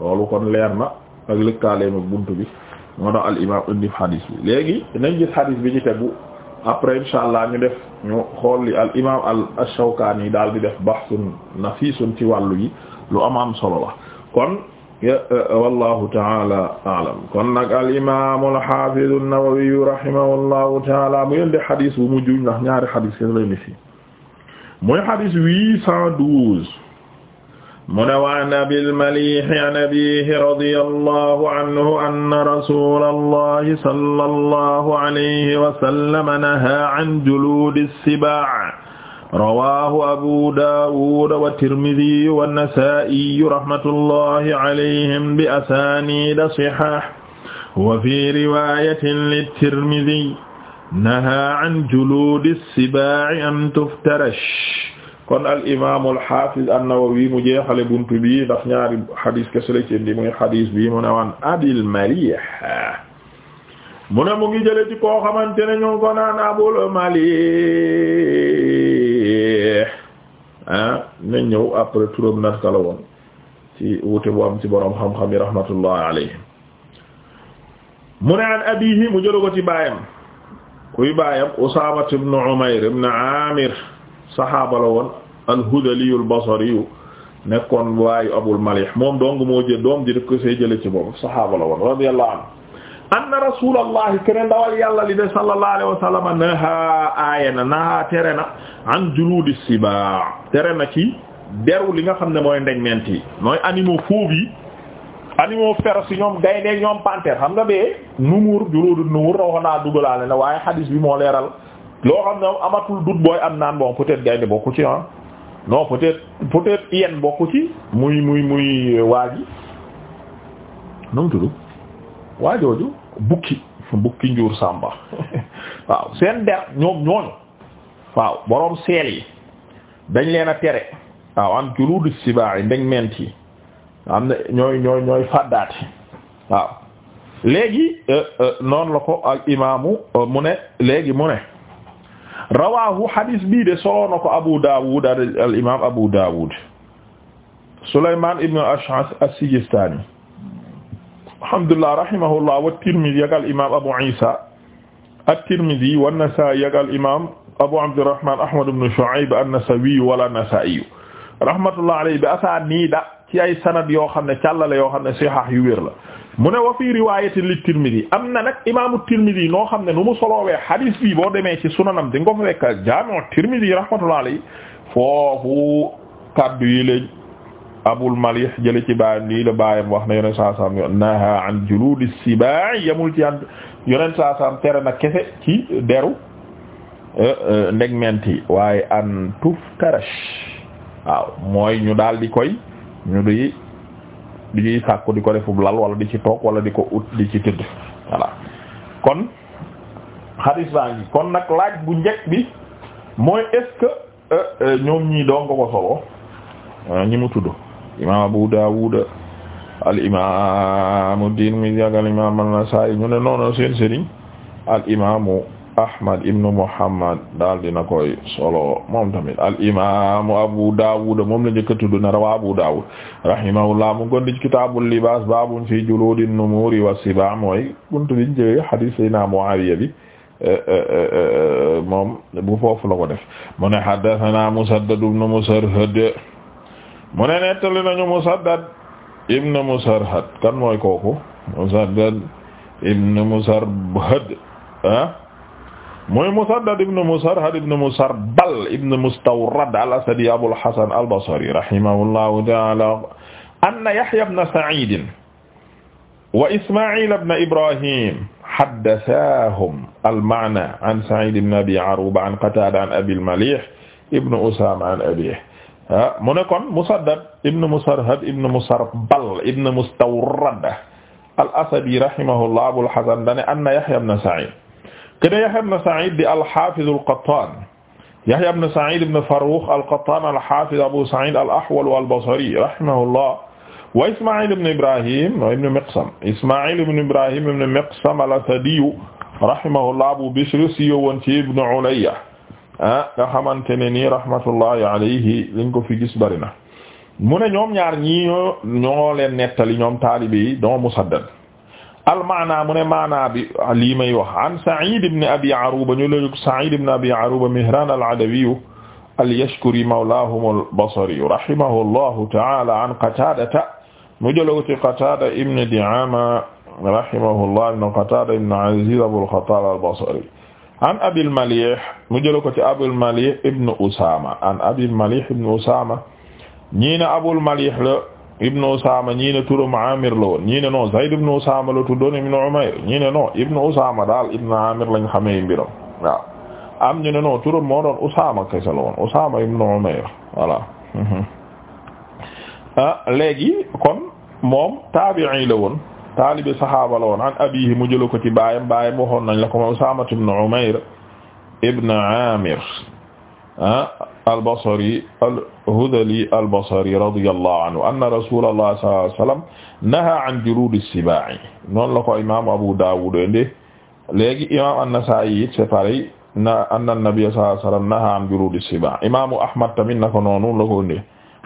loolu kon leer na ak lëkkaaleem buntu bi moo al imam indi hadis bi léegi nañ gis bi ci tegu après insha allah ñu def ñu xool li al imam al Shawkaani yi daal di def bahsun nafisun ci wàllu yi lu am am solo la kon eh, wallahu taala aalam kon nag al imam al hafiz an-Nawawi rahimahullahu taala mu yëndi hadis bu mujj ndax ñaari hadis kenn lay ni fi mooy hadis huit cent douze mu ne waan abil maliih an abiihi radiyallahu anhu anna rasuulallahi sallallahu alayhi wa sallam nahaa an juluudi sibaa rawaahu abu daawuud wa tirmidhi wa nasaa'i rahmatullahi alayhim bi asaaniida sihaah wa fi riwaayatin li-tirmidhi nahaa an juluudi sibaa an tuftarash kon al imaam al nawawi mu jeexale buntu bi ndax ñaari xadis kese la ci indi muy xadis bi mu ne waan Abil Malih mu ne mu ngi jële ci koo xamante ne ñu ngi ko naan Abul Malih ah na ñëw après turam natka la ci wute bu am ci borom xam-xam rahmatullahi alayhim mu ne an abihi mu jëlu ko ci baayam kuy baayam Usaama ibn Umayr ibn Aamir saxaaba la woon alhudaliyu albasariyu nekkoon waayu abul malih moom dong moo jël doom ji def ko see jële ci boobu saxaaba la woon radiyallahu anhu anna rasulallahi kene ndawal yàlla li de sallallahu alayhi wa sallam naha aaya na naha tere na an juluudi sibaa tere na ci deru li nga xam ne mooy ndeñment yi mooy animaux fauves yi animaux féroces yi ñoom gaynde ñoom panthère xam nga bee numuur juluudu numuur waxoon naa dugalaale na waaye hadis bi moo leeral loo xam ne amatul dut booy am naan bon peut-être gaynde bokku ci ah non peut-être bokku ci muy muy muy euh, waa ji nu mu tudd waa jooju bukki bukki njuur sàmba waaw seen der ñoom ñooñu waaw boroom seel yi dañ leen a tere waaw am juludu sibaax yi ndeg ment yi am na ñooy ñooy ñooy fàddaati waaw léegi euh, euh, noonu la ko ak imaamu mu ne léegi mu ne rawaahu hadis bii de solo na ko Abu Dawud al imaam Abu Dawud Souleymane Ibn Ash'ath as-Sijistani alhamdulillah rahimahullah wa Tirmidhi ak al imaam Abu Isa at-Tirmidhi wa an-Nasa'i ak al imaam Abu Abdurrahman Ahmad ibn Shu'ayb an-Nasawi wala Nasa'i rahmatullah alayhi bi asaaniida ci ay sanad yoo xam ne càllale yoo xam ne sihah yu wér la. mu ne wa fii riwaayatin li Tirmidhi am na nag imaamu Tirmidhi noo xam ne nu mu soloowee hadis bi boo demee ci sunanam di nga ko fekk jaami'u Tirmidhi rahmatullahi alayhi foofu kaddu yi la Abul Malih jële ci baayam lii la baayam wax na yonent saa saam naha an juluudi sibaa'i yamul ci an yonent saa saam tere na kese ci deru eh, eh, ndegmenti waaye an tufkarash waaw mooy ñu daal di koy ñu di di ñuy sàkku di ko defub lal wala di ci toog wala di ko ut di ci tëdd voilà kon xadis baa kon nag laaj bu njëkk bi mooy est euh, euh, ñoom ñii doon ko solo euh, ñi mu tudd imam Abu Dawud al imam ad-Tirmidhi ak al imam an-Nasa'i ñu ne noonu seen sëriñ al imamu Ahmad ibn Muhammad daal dina koy solo moom tamit al imaamu Abu Dawud moom la njëkk a na rawa Abu Dawud rahimahullah mu gondi ci kitaabul libaas baabun fi juluudin numuuri wa sibaa mooy buntu biñ jëlee hadiis Seydina Muawiya bi eh, eh, eh, moom bu foofu la ko def mu ne haddasanaa Musaddad ibn Musarhad mu ne nettali nañu Musaddad ibn kan mooy kooku Musaddad ibn Musarhad ah? mooy Musaddad ibn Musarhad ibn Musarbal ibn Mustawrad al-Asadi Abul Hasan al-Basri rahimahullahu ta'ala anna Yahya ibn Sa'id wa Isma'il ibn Ibrahim haddathahum al-ma'na an Sa'id ibn Abi Aruba an Qatada an Abil Malih ibn Usama an abihi mu ne kon Musaddad ibn Musarhad ibn Musarbal ibn Mustawrad al-Asadi rahimahullah Abul Hasan dane anna Yahya ibn Sa'id kene Yahya ibn Sa'id di al-Hafiz al-Qattan Yahya ibn Sa'id ibn Farrukh al-Qattan al-Hafiz Abu Sa'id al-Ahwal al-Basri rahimahullah wa Isma'il ibn Ibrahim ibn Miqsam Isma'il ibn Ibrahim ibn Miqsam al-Asadi rahimahullah Abu Bishr siiw woon ci Ibn Ulayya ah nga xamante ne nii rahmatullahi alayhi liñ ko fi gis bari na mu ne ñoom ñaar ñii ñoo leen nettali ñoom taalibe yi don Musaddad almaana mu ne maana bi lii may wax an Sa'id ibn Abi Aruba ñu leen Sa'id ibn Abi Aruba Mihran al-Adawi al-Yashkuri mawlahum al-Basri rahimahullahu ta'ala an Qatada mu jëloon ci Qatada ibn Di'ama rahimahullah ibn Qatada ibn Aziz Abul Khattab al-Basri an Abil Malih mu jëloon ko ci Abul Malih ibn Usama an Abil Malih ibn Usama ñi na Abul Malih la ibnu Usaama ñii ne turam Amir la woon ñii Zayd ibnu Usaama la tuddoon ibnu Umayr ñii ne non ibnu Usaama daal ibnu Amir lañ xamee mbiram waaw am ñu ne non turam moo doon Usaama kese la woon Usaama ah, kon moom taabi'i la woon taalibi saxaaba la an abiihi mu jëla ko ci baayam baayam waxoon nañ la ko Usaama ibnu Umayr Amir Ah, albasari alhudali albasari radiyallahu anhu anna rasulallah sallallahu alayhi wa sallam naha an juruudi sibaa'i noonu la ko imaamu Abu Daawud indi léegi imaamu an-Nasaa'i it c'est pareil na anna nabiyya sallallahu alayhi wa sallam naha an juruudi sibaa'i imaamu Ahmad tamit naka noonu la ko indi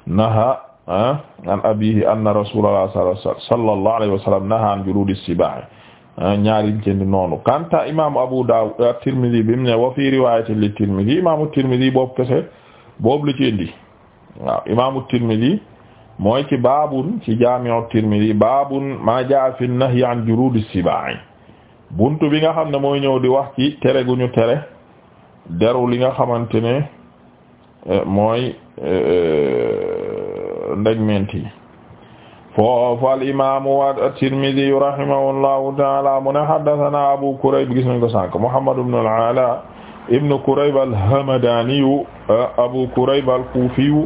naha ah, an abiihi anna rasulallah sallallahu alayhi wa sallam naha an juruudi sibaa'i Euh, ñaari jënd noonu kanta imaamu Abu Dawud at-Tirmidhi euh, bi mu ne li Tirmidhi imaamu Tirmidhi boobu kese boobu la ci indi imaamu Tirmidhi mooy ci baabun ci jaami'u Tirmidhi baabun maa jaa'a fi nahyi an juruudi sibaa'i buntu bi nga xam ne mooy ñëw di wax ki tere gu ñu tere deru li nga xamante ne euh, mooy ndegmeent yi foofu alimamu at-Tirmidhi rahimahullahu taala mu ne haddathana Abu Kurayb gis nañ ko sànq Muhammad ibn al-Ala ibn Kurayb al-Hamadaniyu Abu Kurayb al-Kufiyu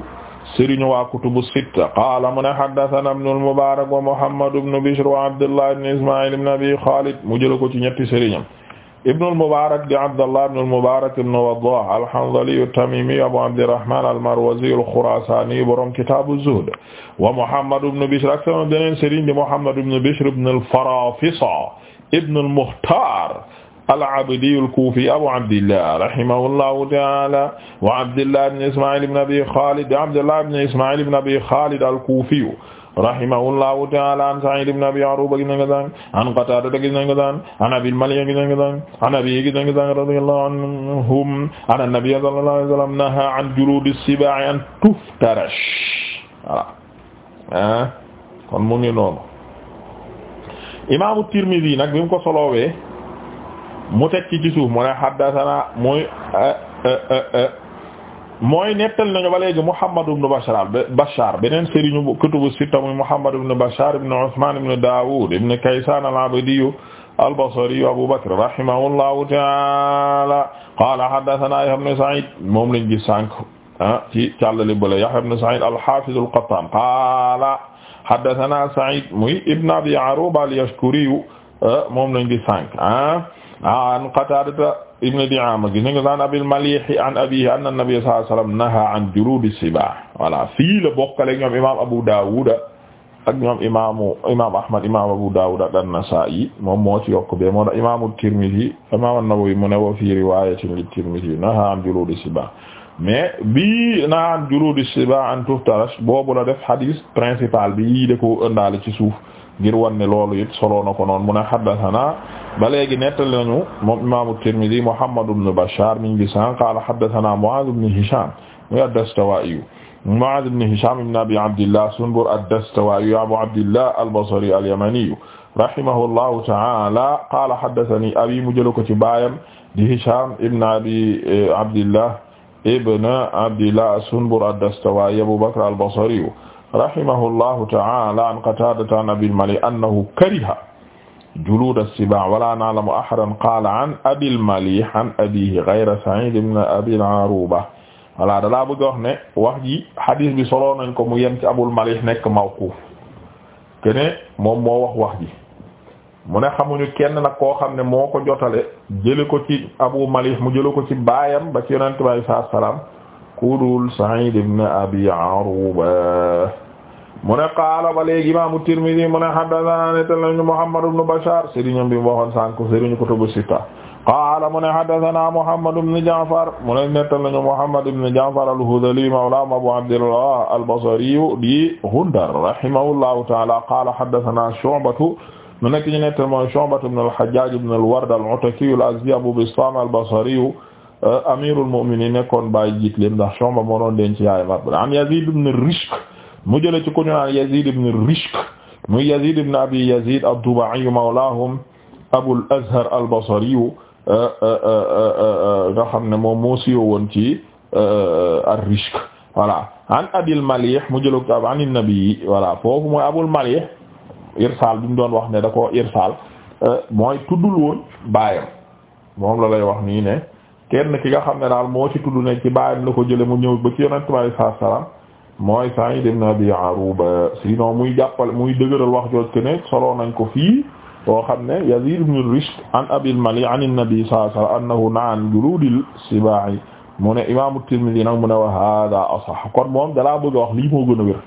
sëriñu waa kutubu sitta qaala mu ne haddathana ibn al-Mubarak wa Muhammad ibn Bishr wa Abdullah ibn Isma'il ibn Abi Khalid mu jël ko ci ñetti sëriñam ibnu al-Mubarak di Abdallah ibnu al-Mubarak ibnu Waddah al-Hanzali at-Tamimi Abu Abdirrahman al-Marwazi al-Khurasani borom Kitab az-Zuhd wa Muhammad ibnu Bishr ak sama beneen sëriñ di Muhammad ibnu Bishr ibnu al-Farafisa ibnu al-Mukhtar al-Abdi al-Kufi Abu Abdillah rahimahullahu ta'ala wa Abdillah ibnu Isma'il ibnu Abi Khalid Abdillah ibnu Isma'il ibnu Abi Khalid al-Kufi rahimahullahu ta'ala an Sa'id ibn Abi Aruba gis nañ ko sànq an Qatada gis nañ ko sànq an Abil Malik gis nañ ko sànq an Abi gis nañ ko sànq radiyallahu anhum an an-nabiy sallallahu alayhi wa sallam naha an juludi as-siba'i an tuftarash voilà kon mu ngi noonu imaamu Tirmidhi nag bi mu ko solowee mu teg ci ci suuf mu ne haddathana mooy eh, eh, eh, mooy nettal nañu ba léegi Muhammad ibn Bashar Bashar beneen sëriñu kutubu sitta muy Muhammad ibn Bashar ibn Usman ibn Dawud ibn Kaysan al-Abdi al-Basri Abu Bakr rahimahullahu ta'ala qala haddathana Yahya ibn Sa'id moom lañ gis sànq ah ci càllali bale Yahya ibn Sa'id al-Hafiz al-Qattan qala haddathana Sa'id muy ibn Abi Aruba al-Yashkuri moom lañ gis sànq ah an Qatada ibn Di'ama gis nga an Abil Malih an abihi anna an-nabiy sallallahu alayhi wasallam naha an juludi sibah voilà fii la bokkale ñoom imam Abu Dawud ak ñoom imamu imam Ahmad imam Abu Dawud ak an-Nasa'i moom moo ci yokk be moo imam at-Tirmidhi imam an-Nawawi mu ne wa fi riwayatin li-Tirmidhi naha an juludi sibah mais bi naha an juludi sibah an tuftarash boobu la def hadith principal bi yi da ko ëndaale ci suuf ngir wan ne loolu it solo na ko noonu mu ne haddathana ba léegi nettali nañu moom imaamu Tirmidi Muhammad ibn Bashar min gisan ah, qaala haddathana Mu'aaz ibn Hishaam muy ad-Dastawaa'i Mu'aaz ibn Hishaam ibn Abi Abdillah Sunbur ad-Dastawaa'i Abu Abdillah al-Basri al-Yamani rahimahullahu ta'ala qaala haddathani abi mu jël ko ci baayam di Hishaam ibn Abi eh, Abdillah ibn Abdillah Sunbur ad-Dastawaa'i Abu Bakr al-Basri rahimahullahu ta'ala an Qataadata an Abil Malik annahu kariha juluud as-sibaa' wala na'lamu ahadan qaala an abil maliih an abiihi ghayra sa'iid ibn abil aruuba voilà dalaa bëgg a wax ne wax ji hadis bi solo nañ ko mu yem ci abul malih nekk mawquuf kene moom moo wax wax mu ne xamuñu kenn nag koo xam ne moo ko jotale jële ko ci abu malih mu jële ko ci baayam ba ci yonent bi sallallahu alayhi wasallam ku dul sa'id mu ne qaala ba léegi imaamu Tirmidi mu ne haddasanaa nettali nañu Muhammad ibn Bashaar sëriñam bi mu waxoon sànk sëriñu kutubu sitta qaala mu ne haddasanaa Muhammad ibn Ja'far mu ne nettali nañu Muhammad ibn Ja'far al-Hudhali mawlaahum Abu Abdillah al-Basri di Gundar rahimahullahu ta'aala qaala haddasanaa Shu'batu mu nekk ñu nettali mooy Shu'batu ibn al-Hajjaaj ibn al-Ward al-Ataki al-Azdi Abu Bistaam al-Basri amiirul mu'miniin nekkoon bàyyi jiit leen ndax Shu'ba moo doon denc yaay am Yaziid ibn Rishk mu jële ci ku ñu naan Yazid ibn Rishk muy Yazid ibn Abi Yazid ad-Duba'i mawlahum Abul Azhar al-Basri euh, euh, euh, nga xam ne moo siiw woon ci ar-Rishk voilà an Abil Malih mu jële ko an an-Nabi voilà mooy Abul Malih irsaal bi mu doon wax ne dako ko irsaal mooy tuddul woon baayam moom la lay wax nii ne kenn ki nga xam ne daal moo ci tudd ne ci baayam la ko jële mu ñëw ba ci yonent bi sallallahu alayhi mooy Sa'id ibn Abi Aruba muy jàppale muy dëgëral wax jooj ke ne nañ ko fii boo xam ne Yazid ibn Rushd an Abil Mali an an-Nabi sallallahu alayhi wa sallam an juluudil sibaa'i mu ne imaamu Tirmidhi nag mu ne a wax lii moo gën a wér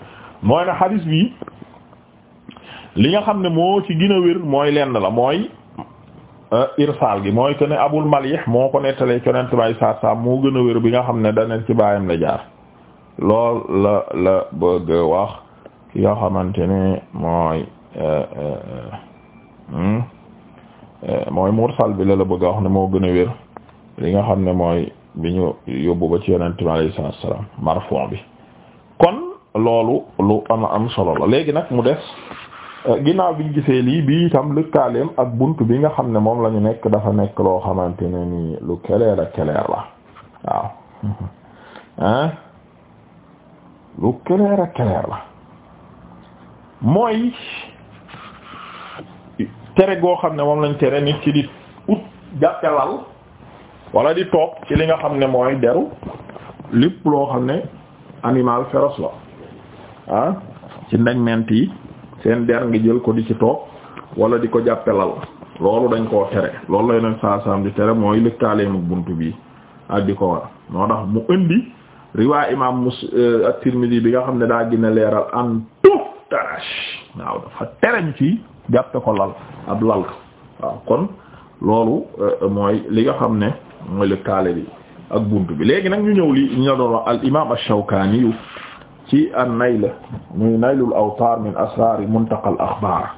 mooy ne xadis bi li nga xam ne moo ci gën a mooy lenn la mooy euh, irsaal gi mooy que ne Abul Malih moo ko nettalee conent bay saat saam moo gën a bi nga xam ne daneen ci baayam la jaar lool la la bëgg wax ki nga xamante ne mooy eh, eh, eh, hmm? mooy mursal bi la la bëgg wax ne moo gën a wér li nga xam ne mooy bi ñu yóbbu ba ci yonent bi alayhi salaatu salaam marfon bi kon loolu lu am am solo la léegi nag mu des ginnaaw biñ gisee lii bii itam lëkkaaleem ak bunt bi nga xam ne moom la ñu nekk dafa nekk loo xamante ne nii lu keleer a keleer la waaw lu clair ak clair la mooy tere goo xam ne moom lañ tere nit ci di ut jàppe lal wala di toog ci li nga xam ne mooy deru lépp loo xam ne animal féroce la ah ci ndegment yi seen der ngi jël ko di ci toog wala di ko jàppe lal loolu dañ koo tere loolu la yeneen saa di tere mooy lëkkaaleemu bunt bi ak di ko war moo tax mu indi riwaay imaam mus euh, bi nga xam ne daa gën a leeral an tuftarash waaw dafa ci jàppe ko lal ab lal kon loolu euh, mooy li nga xam ne mooy le kaale bi ak bunt bi léegi nag ñu ñëw li ñu la doon wax al imaam ash-Shawkaani ci an-Nayl muy Naylul Awtaar min asraar Muntaqa al-Axbaar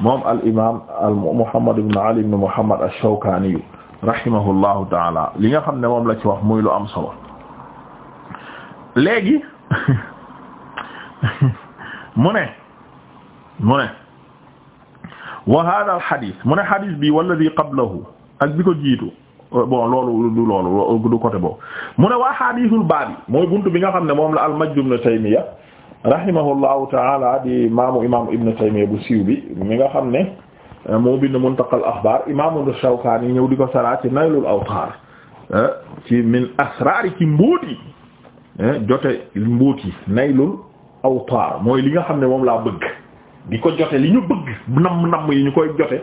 moom al imaam al Muhammad ibn Ali ibn Muhammad ash-Shawkaani rahimahullahu taala li nga xam ne moom la ci wax muy lu am solo. léegi mu ne mu ne wa hada al xadis mu ne xadis bi walladi qablahu ak bi ko jiitu bon loolu du loolu du côté boobu mu ne waa xadisul baab bi nga xam ne moom la al majd ibn taymiya rahimahullahu taala di maamu imaamu ibn taymiya bu siiw bi mi nga xam ne moo bind muntaqal axbaar imaamu shawkaani ñëw di ko saraa ci naylul awtaar eh, min asraari ci jote mbóot yi naylul awtaar mooy li nga xam ne moom laa bëgg di ko jote li ñu bëgg namm namm yi ñu koy jote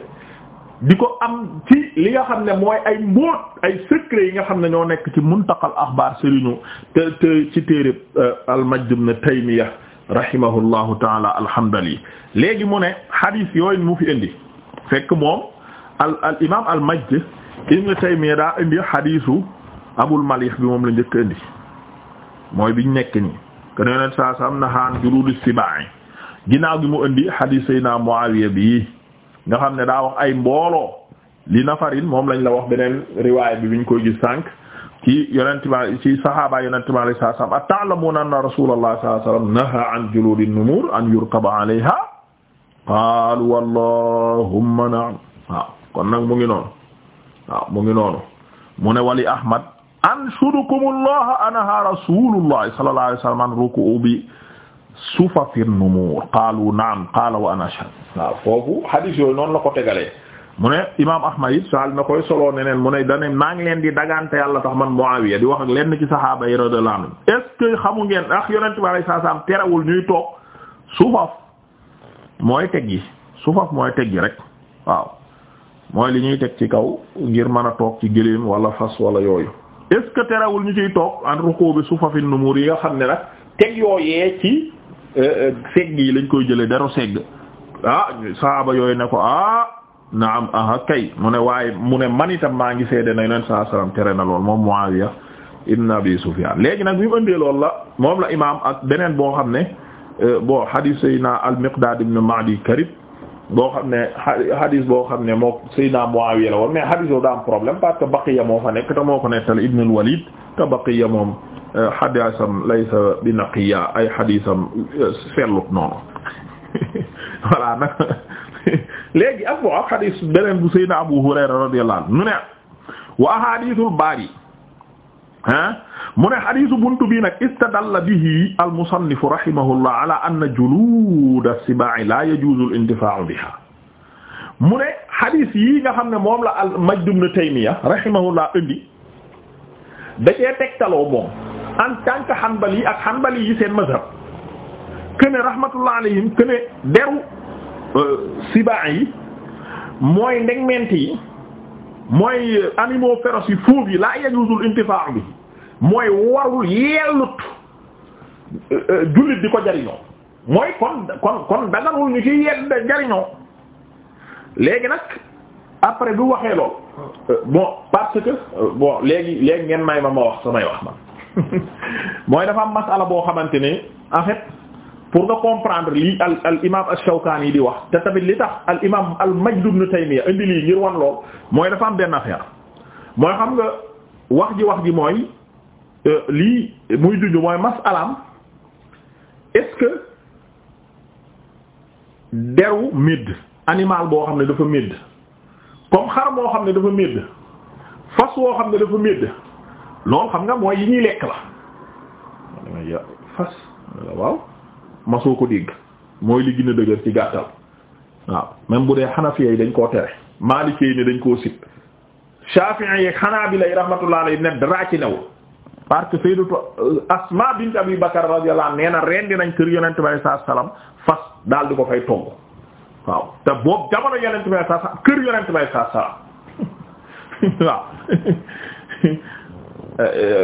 di ko am ci li nga xam ne mooy ay mbóot ay secret yi nga xam ne ñoo nekk ci muntaqal axbaar sëriñu te te ci téere euh, al-Majd ibn Taymiya rahimahullahu taala alhamdali léegi mu ne hadith yooyu mu fi indi fekk moom al al imaam al-Majd ibn Taymiya daa indi hadithu Abul Malih bi moom la njëkk indi mooy biñ nekk nii kene yonent saa sa am na xaan juruudi sibaay ginnaaw gi mu indi hadis sayna Muawiya nga xam ne daa wax ay mbooloo li nafarin moom lañ la wax beneen riwaay bi biñ koy gis sànq ki yonent bi ci sahaaba yonent bi alayhi salaatu salaam ata'lamuuna anna rasuulallahi sallallahu alayhi wasallam nahaa an juluudi numuur an yurkaba alayha qaalu wallahumma na'am kon nag mu ngi noonu ngi noonu mu ne wali Ahmad anshudukumullah anaha rasulullah sallallahu alayhi wasallam an ruku'u bi sufafin numur qaalu naam qaala wa ana ashhad waaw foofu hadith yooyu noonu la ko tegalee mu ne imam ahmad it sal na koy soloo neneen mu ne dane maa ngi leen di dagante yàlla tax man Muawiya di wax leen lenn ci sahaaba yi radiyallahu anhu est xamu ngeen ndax yonent bi alayhi salaam terewul ñuy toog sufaf mooy teg sufaf mooy teggi yi rek waaw mooy li ñuy teg ci kaw ngir mën a toog ci gëléem wala fas wala yooyu est que terewul ñu ci toog an ruqoo bi sufafin numur xam ne nag teg yooyee ci euh, euh, segg yi lañ koy jëlee daro segg ah saaba yooyu ne ko ah naam aha kay mu ne waaye mu ne man itam maa ngi seede na yoneen saa salaam tere na lool moom Muawiya ibn Abi Sufyan léegi nag bi mu ëndee loolu la moom la imaam ak beneen boo xam ne euh, bon hadith Seydina al-Miqdad ibn Ma'di Karib boo xam ne hadis boo xam ne moo Seydina Muawiya la woon mais hadis boobu daa am problème parce que Baqiya moo fa nekk te moo ko nettal Ibn al-Walid te Baqiya moom hadisam euh, laysa bi naqiya ay hadisam euh, sellut noonu voilà nag léegi ak boo ak hadis beneen bu Seydina Abu Hurayra radiyallahu anhu nu ne wa ahadithul bari ah mu ne xadiisu buntu bii nag istadalla bihi almusannifu rahimahullah ala anna juluuda sibaa'i la yajuuzu al-intifaa'u biha mu ne xadiis yi nga xam ne moom la al-Majd ibn Taymiyya rahimahullah indi da cee tegtaloo moom en tant que xanbali ak xanbali yi seen mazhab kene rahmatullah alayhim kene deru euh, sibaa'i yi mooy ndegmeent yi mooy animaux féroces yi foofu yi laa yajuzul intifaa'u bi mooy warul yellut euh, euh, jullit bi ko jariñoo mooy kon kon kon daganul ñu ci yedd jariñoo léegi nag après bu waxee lool moo euh, parce boo léegi léegi ngeen may ma ma wax samay wax man mooy dafa am masala boo xamante ne en fait pour nga comprendre lii al al imaam ash-Shawkaani di wax te tamit li tax al imaam al Majd ibn Taymiyya indi lii ngir wan lool mooy dafa am benn affaire mooy xam nga wax ji wax ji mooy euh, lii muy junj mooy mas'alaam est-ce deru médd animal boo xam ne dafa médd comme xar moo xam ne dafa médd fas woo xam ne dafa médd loolu xam nga mooy yi ñuy lekk la fas waaw masoo ko dégg mooy li gën dëgër ci gàttal waaw même bu dee xanafiya yi dañ koo tere maalikee yi ne dañ koo sib shafi'i yi xanaabila yi rahmatullah alayhi ne dara ci newul parce que sayyidatu euh, asma bint abi bakar radiyallahu anha nee na rendi nañ kër yonent bi sallallahu alayhi wasallam fas daal di ko fay togg waaw te boobu jamono yonent bi sallallahu alayhi kër yonent bi sallallahu alayhi wasallam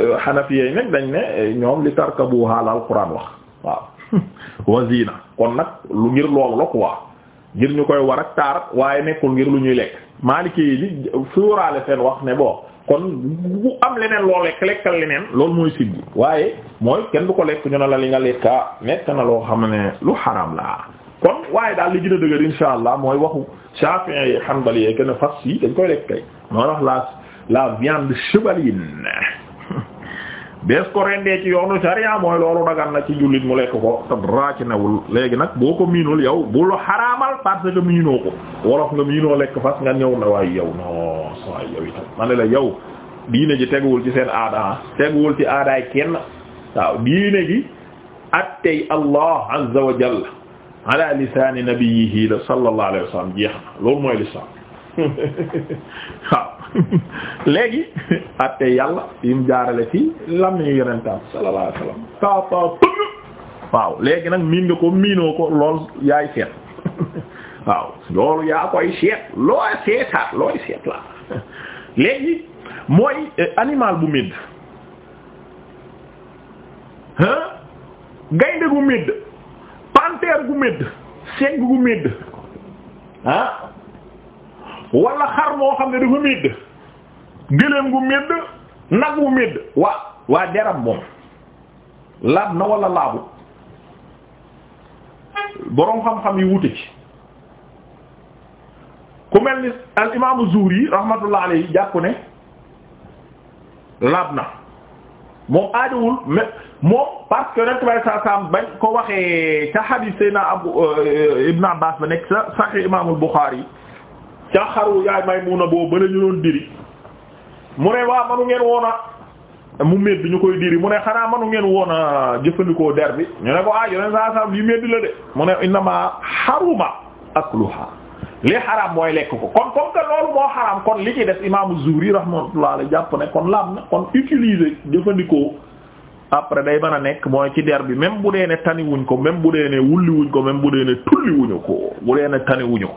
waaw xanafiya euh, euh, yi nag dañ ne eh, ñoom li tarkabuha al qur'an wax waaw wazina kon nag lu ngir loolu la quoi ngir ñu koy war ak taar waaye nekkul ngir lu ñuy lekk maaliki yi di suuraale seen wax ne boo kon bu am leneen loo lekk lekkal leneen loolu mooy siggi waaye mooy kenn du ko lekk ñu ne la li nga lekka nekk na loo xam ne lu xaram la kon waaye daal li gën a dëgër insha allah mooy waxu Shafi'i yi Hanbali yi que ne fas yi dañ koy lekk kay moo tax la la viande chevaline bees ko rendee ci yoonu sariya mooy loolu dagan ci jullit mu lekk ko te newul léegi nag boo ko miinul yow bul xaraamal parce que miinoo ko wolof nga miinoo lekk fas nga ñëw na waaye yow non saa yow itam ma ne la yow diine ji teguwul ci seen aada teguwul ci aadaay kenn waaw diine gi attey allah azza wa jalla ala lisaani la sallallahu alayhi wa sallam loolu mooy lislaam waaw léegi atte yàlla yim jaarale ci làmmiñu yonentam sallallahu alayhi wasallam tata pëgg waaw léegi nag miin nga ko miinoo ko lool yaay seet waaw loolu yaa koy seet looy seetaat looy seet la léegi mooy eh, animal bu médd hein gaynde gu médd panthère gu médd segg gu médd ah wala xar moo xam ne dafa médd gëléem gu médd nag wu médd waa waa deram moom laab na walla laabu boroom xam-xam yi wute ci ku mel ni al imaamu Zuhri rahmatullah yi jàpp ne laab na moom aajowul mais moom parce que Yonent bi saam bañ ko waxee ca hadiis Seydina Abu euh, Ibn Abbas ba nekk sa Sahih imaamul Bukhari ca xaru yaay Maymuna boobu ba la ñu doon diri mu ne waa manu ngeen woon mu médd ñu koy diri mu ne xanaa manu ngeen woon a jëfandikoo der bi ñu ne ko ah yoneen saa sam yu médd la de mu ne innama haruma akluha li xaraam mooy lekk ko kon comme que loolu moo xaraam kon li ci des imaamu Zuhri rahmatullah alayhi jàpp ne kon laam na kon utiliser jëfandikoo après day man a nekk mooy ci der bi même bu dee ne wuñ ko même bu dee ne wulliwuñ ko même bu dee ne tulliwuñu ko bu dee ne ko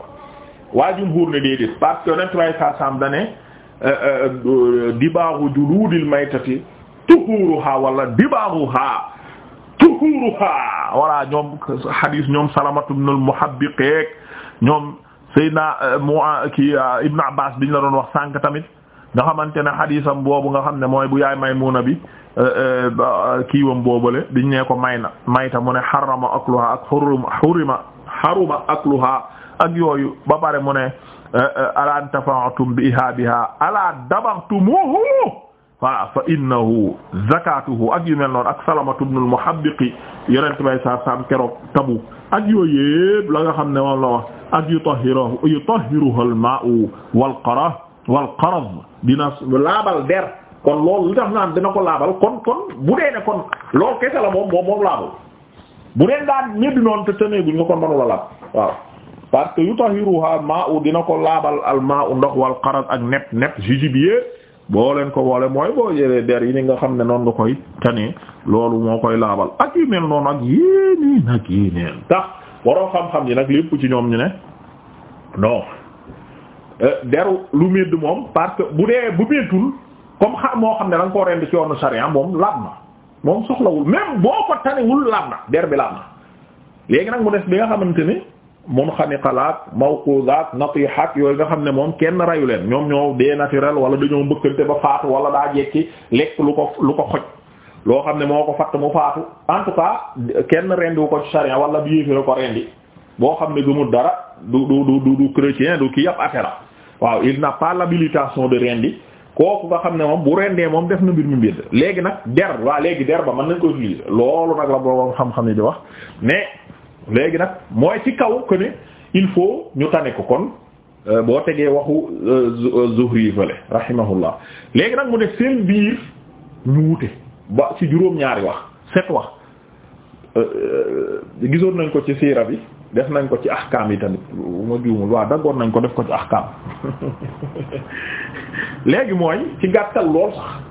waa jumhuur ne déedéet parce que yonent way saam da ne dibaaru juluudil maytati tuhuruha wala dibaaruha tuhuruha wala ñoom hadis ñoom salamatu ibn al-muhabbiq ñoom sayyidina euh, mu euh, ki euh, la doon wax sànq tamit nga xamante ne hadisam boobu nga xam ne mooy bu yaay maymuna bi kiiwam boobale diñ ne ko may na mayta mu ne harrama akluha ak hurima haruma akluha ak yooyu ba pare mu ne eh, eh, ala intafa'tum bi ihabiha ala dabaxtumuhu fa innahu zakatuhu ak yu mel noonu ak salamatu ibnul muhabbiqi yonent bay sa sam keroog tabu ak yooyu yépp la nga xam ne moom la wax ak yutahhiruhu yutahhiruhu al ma'u wal qarah wal qarad dina laabal der kon loolu li tax naan dina ko laabal kon kon bu dee ne kon loolu kese la moom moom moom laabal bu dee daan meddi noonu te tënee guñ nga ko manula laab waaw parce que yu tahiruha ma'u dina ko laabal al ma'u ndox wal xaras ak nepp nepp jujubier boo leen ko boole mooy boo jëlee der yi ni nga xam ne noonu nga koy tane loolu moo koy laabal ak yu mel noonu ak yéenii nag yéeneen tax waroo xam-xam yi nag lépp ci ñoom ñu ne non euh, deru lu medd moom parce que bu dee bu méttul comme xam moo xam ne da ko koo rend ci yoonu sharia moom laab na moom soxlawul même boo ko tanewul laab na der bi laab na léegi nag mu def bi nga xamante ni mun xaniqalaak mawquzaak natihaak yooyu nga xam ne moom kenn reyu leen ñoom ñoo dee naturel wala dañoo mbëkkante ba faatu wala daa jekki lekk lu ko lu ko xoj loo xam ne moo ko fatt mu faatu en tout cas kenn rendiwu ko ci charia wala bi yéeféra ko rendi boo xam ne gëmul dara du du du du chrétien du kii yàpp atera waaw il n'a pas l'habilitation de rendi kooku nga xam ne moom bu rendee moom def na mbir mi mbir léegi nag der waa léegi der ba man nañ ko utiliser loolu nag la boroom xam-xam ne di wax mais léegi nag mooy ci kaw que il faut ñu tane ko kon euh, boo tegee waxu euh, Zuhri fale rahimahullah léegi nag mu def seen biir ñu wute ba ci juróom-ñaari wax set wax euh, gisoon nañ ko ci siira bi def nañ ko ci ahkaam yi tamit bu ma juumul waaw daggoon nañ ko def ko ci ahkaam léegi mooy ci gàttal lool sax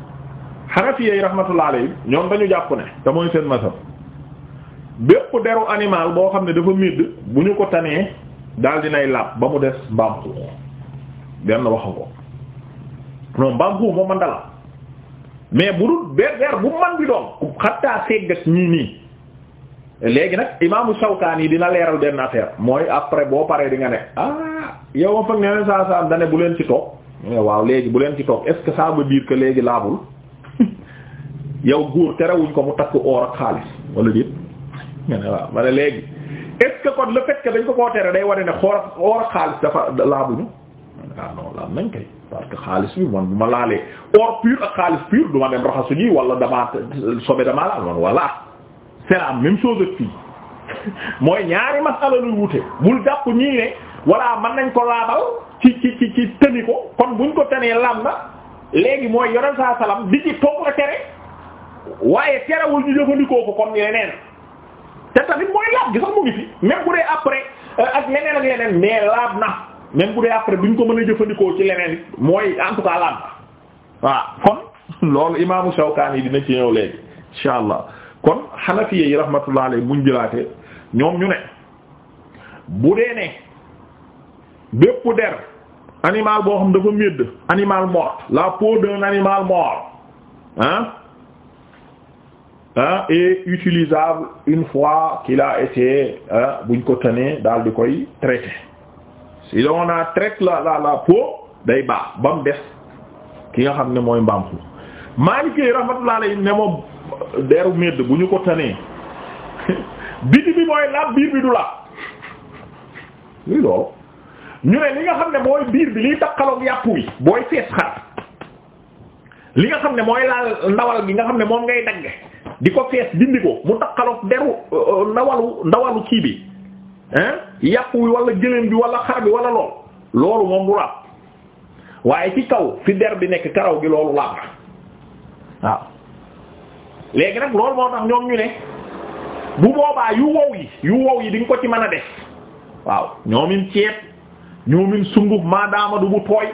Hanafi yi rahmatullah alayhi ñoom dañu jàpp ne te mooy seen masal bépp deru animal boo xam ne dafa midd bu ñu ko tamee daal dinay làpp ba mu des mbaam xuux benn wax ko non mbaam xuux moom man dala mais bu dul ber der bu man bi doon xattaa segg ak nii léegi nag imaamu yi dina leeral benn affaire mooy après boo paree di nga ne ah yow a foog ne saa saa am ne bu leen ci toog waaw léegi bu leen ci toog est-ce que biir veut léegi laabul yow góor terewuñ ko mu takk or ak xaalis wala déet nga ne waaw ma ne léegi est-ce que kon dañ ko koo tere day wane ne xoor or ak xaalis dafa laabuñu ah non laab nañ kay parce que xaalis bi man bu ma laalee or pur ak xaalis pur du ma dem raxasuñuy wala damaa sobe damaa c'est la même chose ak fii mooy ñaari masala luy wute bul jàpp ñii ne voilà man nañ ko laabal ci ci ci tëni ko kon buñ ko tënee laam na léegi mooy yonent saa salaam di ci toog la tere waaye terewul ñu jëfandikoo ko comme ni leneen te tamit mooy laab gi sax mu ngi fi même bu dee après euh, ak leneen ak leneen mais laab na même bu dee après buñ ko mën a jëfandikoo ci leneen mooy en tout cas laab na waaw kon loolu imaamu Shawkaani dina ci ñëw léegi insha allah kon xanafiya yi rahmatullah alayhi buñ jëlaate ñoom ñu ne bu dee ne bépp der animal boo xam dafa médd animal mort la peau d'un animal mort hein utilisable une fois qu'il a été buñ ko tanee daal di koy traité si on a traité la la la peau day baax ba des ki nga xam ne mooy mbaam xuux Maliki rahmatullah alayhi ne moom deru medd bu ñu ko tanee biti bi mooy laab biir bi du laab luy loolu ñu ne li nga xam ne mooy biir bi liy takkaloog yàpp wi booy fees xar li nga xam ne mooy laal ndawal gi nga xam ne moom ngay dagge di ko fees dindi ko mu takkaloog deru euh, ndawalu ndawalu kii bi yàpp wi wala gëléem bi wala xar bi lool loolu moom du laab waaye ci kaw fi der bi nekk karaw gi loolu laab waaw léegi nag loolu moo tax ñoom ñu ne bu boobaa yu wow yi yu wow yi di ko ci mën a def waaw ñoomin ceeb ñoomin sunguf maadaama du bu tooy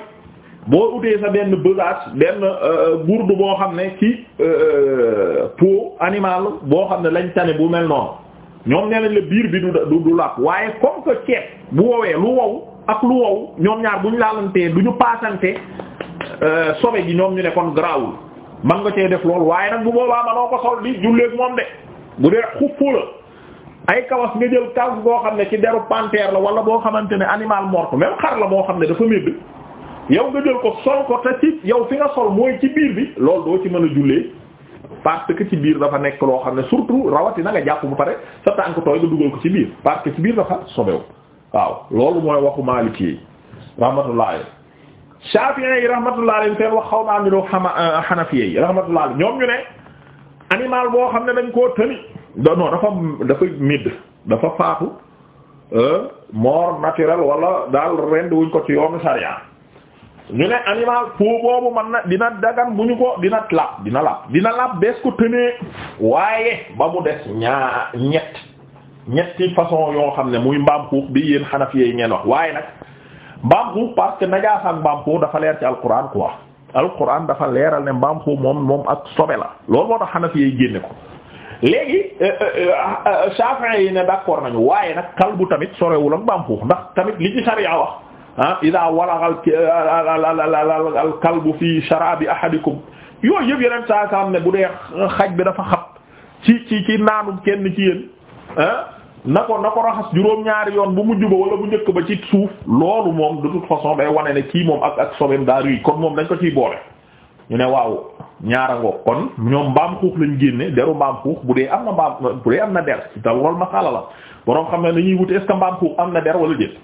boo utee sa benn besage benn euh, gourde boo xam ne ci euh, peau animal boo xam ne lañ tane bu mel noonu ñoom nee nañ la biir bi du du làpp waaye comme que ceeb bu wowee lu wow ak lu wow ñoom ñaar bu ñu laalantee du ñu paasante euh, sobe gi ñoom ñu ne kon garaawul man nga cee def loolu waaye nag bu boobaa manoo ko sol di julleeg moom de bu dee xuppu la ay kawas nga jël kawas boo xam ne ci deru panthère la wala boo xamante ne animal mort même xar la moo xam ne dafa medd yow nga jël ko sol ko te ci yow fi nga sol mooy ci biir bi loolu doo ci mën a jullee parce que ci biir dafa nekk loo xam ne surtout rawatina nga jàpp bu pare sa tànk tooy nga dugal ko ci biir parce que ci biir dafa sobew waaw loolu mooy waxu Maliki rahmatullah Shafi'i yi rahmatullah alayhi seen wax xaw ma am niroo xama euh, Hanafiya yi rahmatullah ñoom ñu ne animal boo xam ne dañ koo tëli non dafa dafa midd dafa faatu euh, mort naturelle wala daal rend wuñ ko ci yoonu sariya ñu ne animal pou boobu man na dina dagan bu ñu ko dina lap dina lap dina lap bees ko tënee waaye ba mu des ñaa ñett ñetti façon yoo xam ne muy mbaam xuux bi yéen Hanafiya yi ngeen wax waaye nag mbaam parce que najaasa ak mbaam dafa leer ci alquran quoi alquran dafa leeral ne mbaam moom moom ak sobe la loolu moo tax Hanafi yi génne ko léegi euh, euh, euh, Shafi'i yi ne d'accord nañu waaye nag kalbu tamit sorewul ak mbaam ndax tamit li ci sariya wax ah ida walagal al kalbu fi sharabi ahadikum yooyu yëpp yeneen saa bu dee xaj bi dafa xab ci ci ci naanum kenn ci yéen ah na ko na ko raxas juróom-ñaari yoon bu mujj ba wala bu njëkk ba ci suuf loolu moom de toute façon day wane ne kii moom ak ak sobeem daa ruy kon moom dañ ko ciy boole ñu ne waaw ñaara ngoog kon ñoom mbaam xuux lañ génne deru mbaam xuux bu dee am na mbaam bu am na der te loolu masala la boroom xam ne dañuy wute est ce mbaam xuux am na der wala déet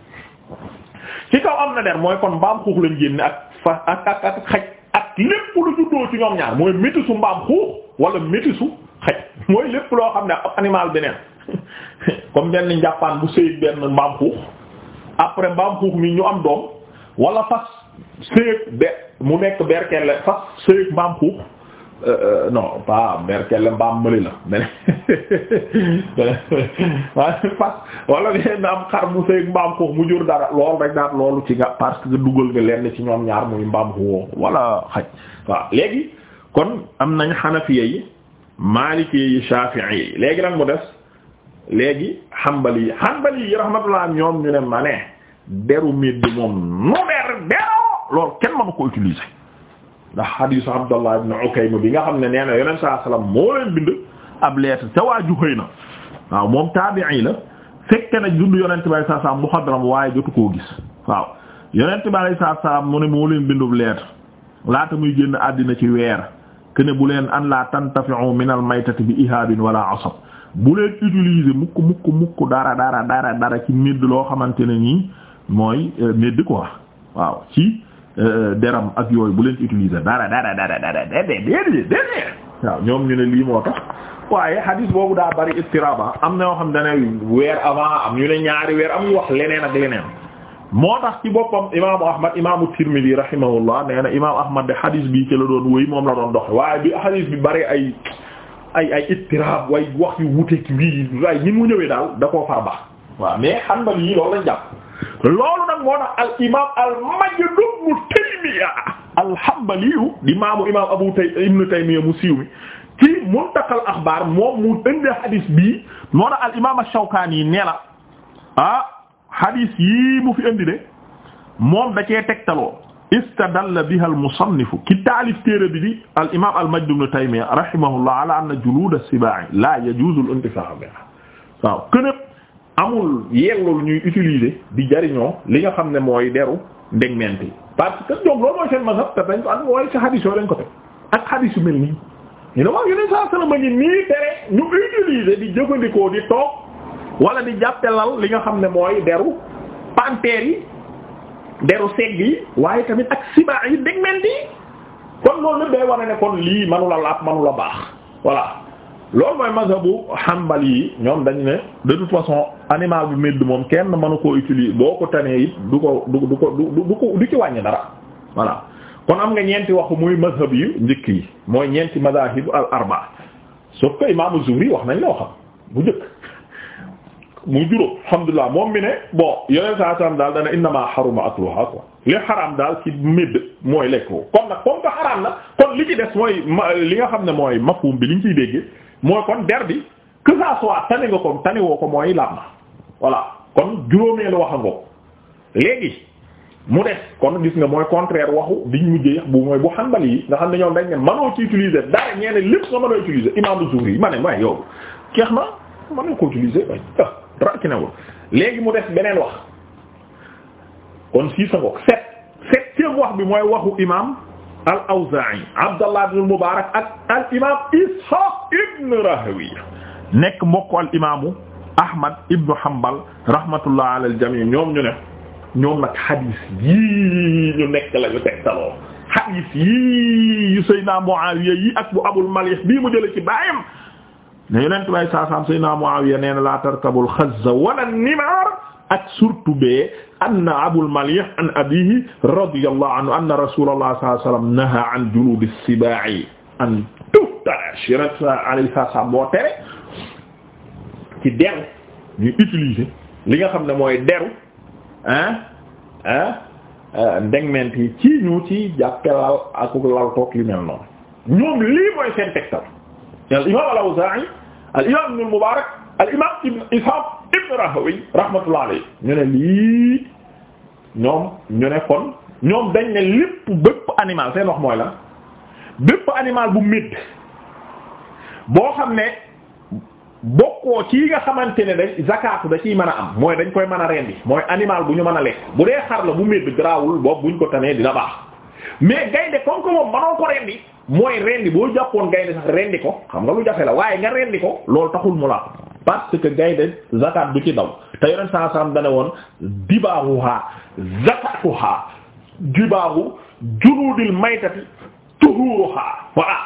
ci kaw am na der mooy kon mbaam xuux lañ génne ak fa ak ak ak xaj ak lépp lu juddoo ci ñoom ñaar mooy métisu mbaam xuux wala métisu xaj mooy lépp loo xam ne ak animal beneen comme benn njàppaan bu sëy benn mbaam xuux après mbaam xuux mi ñu am doom wala fas sëyëg be mu nekk berkelle fas sëyëg mbaam xuux euh, euh, non pas berkelle mbaam mëli la mene fas wala benn am xar mu sëyëg mbaam xuux mu jur dara loolu rek daal loolu ci nga parce que dugal nga lenn ci ñoom ñaar muy mbaam xuux wala xaj waaw léegi kon am nañ xanafiya yi maalikee yi shafi'i yi léegi nag mu des léegi xambali yi xambali yi rahmatullah ñoom ñu deru mit bi moom nu der deroo loolu kenn mënu ko utiliser ndax Abdallah ibn Ukaym bi nga xam ne nee na yoneen saa leen bind ab lettre ca waa Juhayna waaw moom taabi'i la fekk na dund yonent bi saa salaam muxadram waaye jotu koo gis waaw yonent bi saa salaam mu ne moo leen bindub lettre laata muy génn àddina ci weer que ne leen an la tantafi'u min al bi ihaabin wala asab bu leen utiliser mukk mukk mukk dara dara dara dara ci médd loo xamante ne nii mooy médd quoi waaw ci deram ak yooyu bu leen utiliser dara dara dara dara déedéet déedéet déedéet waaw ñoom ñu ne lii moo tax waaye hadis boobu daa bari istiraba am na yoo xam dane weer avant am ñu ne ñaari weer am wax leneen ak leneen moo tax ci boppam imaamu ahmad imaamu tirmidi rahimahullah nee na imaamu ahmad de hadis bi ci la doon wéy moom la doon doxe waaye bi hadis bi bari ay ay ay ittiraab way wax yu wuteeg wii waay ñi mu ñëwee daal da koo faa baax waaw mais yi loolu lañ jàpp loolu nag moo al imaam al majd ibn Taymiya al Hanbali di maamu imaam Abu Tay ibn mu siiw mi ci Muntaqal Axbaar moom mu indi hadis bii moo al imaam Shawkaani yi nee na ah, yii mu fi indi de moom da cee tegtaloo. istadalla biha al musannifu ki taalif téere bi di al imaam al majd ibn taymiya rahimahullah ala anna juluud la yajuuzu al intifaa' biha amul yellul ñuy utiliser di jariñoo li nga xam ne mooy deru ndegmeent yi parce que ñoom loolu mooy seen mazhab te dañ mooy ci xadiis yooyu lañ ko teg ak xadiis yu mel nii ñu ne waaw yeneen saa sala ma ngi nii tere ñu utiliser di jëfandikoo di toog wala di jàppelal li nga xam ne mooy deru panthère deru segg yi waaye tamit ak sibaa yi dégment yi kon loolu lépp day war a ne kon lii manula laab manula baax voilà loolu mooy mazhabu hanbali yi ñoom dañu ne de toute façon animal bi medd moom kenn mënu koo utiliser boo ko tanee it du ko du du ko du du ci wàññi dara voilà kon am nga ñeenti waxu muy mazhab yu njëkk yi mooy ñeenti mazahib al arba sauf que imaamu Zuhri wax nañ loo xam bu njëkk muy juróom alhamdulilah moom mi ne bon yeneen saa salaam daal dana innamaa haruma akluha quoi li xaraam daal ci médd mooy lekk ko kon nag comme que xaraam na kon li ci des mooy li nga xam ne mooy mafum bi li ñu ciy déggee mooy kon der bi que ça soit tane nga ko tane woo ko mooy laab na voilà kon juróomeelu wax nga léegi mu des kon gis nga mooy contraire waxu biñ mujjee bu mooy bu xanbal yi nga xam ne ñoom dañ ne mënoo ci utiliser dara ñeene lépp yi ma ne waaye yow keex na mën na ko ah. dara ci newul léegi mu def beneen wax kon sii sa ngoog sept septième wax bi mooy waxu imam al awzaa'i abdallah ibn al mubarak ak al imam ishaq ibn rahawiya nekk mbokk al imaamu ahmad ibnu hanbal rahmatullah ala al jami ñoom ñu ne ñoom nag hadith yii ñu nekk la ñu teg taloo hadith yii yu Seydina Muawiya yi ak bu abul malih bii mu jële ci baayam ne yonent bay saasaam Seydina Muawiya nee na laa tarkabul xazza wala nimaar ak surtout bee anna Abul an abihi radiyallahu anhu anna rasulullah sallallahu alayhi naha an juludi sibaa'i an tuftarash yonent alayhi salaam boo tere ci deru ñu utiliser li nga xam ne mooy deru ah ah ndegment ci ñu ci jàppe lal ak lal toog yu mel noonu ñoom lii mooy seen tegtal al imam al-Awzaa'i al imam ibn al-Mubaarak al imam ibn Ishaaq ibn Rahawi rahmatullah alayhi ñu ne lii ñoom ñu ne kon ñoom dañ ne lépp bépp animal seen wax mooy la bépp animal bu médd boo xam ne bokkoo ci nga xamante ne dañ zakaatu da ciy mën a am mooy dañ koy mën a rendi mooy animal bu ñu mën a lekk bu dee xar la bu médd garaawul boobu buñ ko tanee dina baax mais gaynde comme que moom mënoo ko rendi mooy rendi boo jàppoon gaynde sax rendi ko xam nga lu jafe la waaye nga rendi ko loolu taxul mu la parce que gaynde zakat du ci daw te yeneen saa saam dane woon dibaahuha zakatuha dibaahu junudil maytati tuhuruha voilà